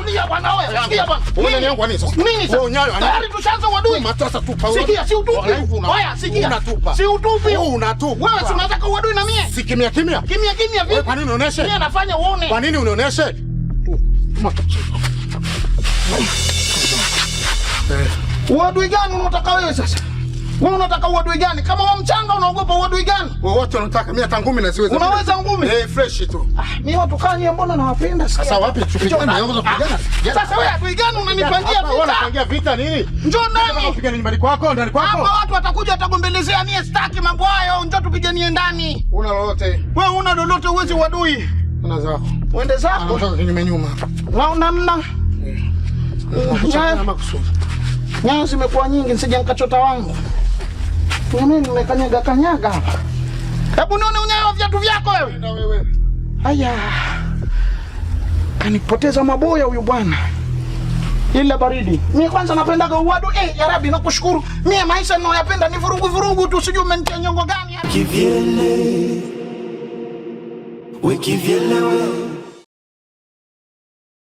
Unia bwana wewe. Sikia bwana. Unaniona kwa nini sasa? Nini sasa? Wewe unyayo. Tayari tushaanza uadui. Matasa tupa wewe. Sikia si utupi. Haya sikia. Unatupa. Si utupi. Wewe unatupa. Wewe unataka uadui na mie? Si kimya kimya. Kimya kimya vipi? Kwa nini unaoneshe? Mimi nafanya uone. Kwa nini unaoneshe? Uadui gani unataka wewe sasa? Wewe unataka uadui gani? Kama wewe mchanga unaogopa uadui gani? Wewe watu unataka mimi hata ngumi na siwezi. Unaweza ngumi? Eh, fresh tu. Ah, mimi watu kani mbona nawapenda sasa. Sasa wapi tupigane? Naweza ah, kupigana. Sasa wewe adui gani unanipangia vita? Wewe unapangia vita nini? Njoo nani? Tupigane nyumbani kwako, ndani kwako. Hapa watu watakuja watagombelezea, mimi sitaki mambo hayo. Njoo tupiganie ndani. Una lolote? Wewe una lolote uwezi uadui. Una zako. Uende zako. Unataka kinyume nyuma. Launa mna. Nyanya zimekuwa nyingi, nisije nikachota wangu. Jamani, nimekanyaga kanyaga Hebu nione unyayo viatu vyako wewe. Na wewe. Haya. Kanipoteza maboya huyu bwana. Ila baridi. Mimi kwanza napendaga uwadu. Eh, ya Rabbi nakushukuru. Mimi maisha ninayoyapenda ni vurugu vurugu tu, sijui umenitia nyongo gani. Kivyele. Wekivyelewe.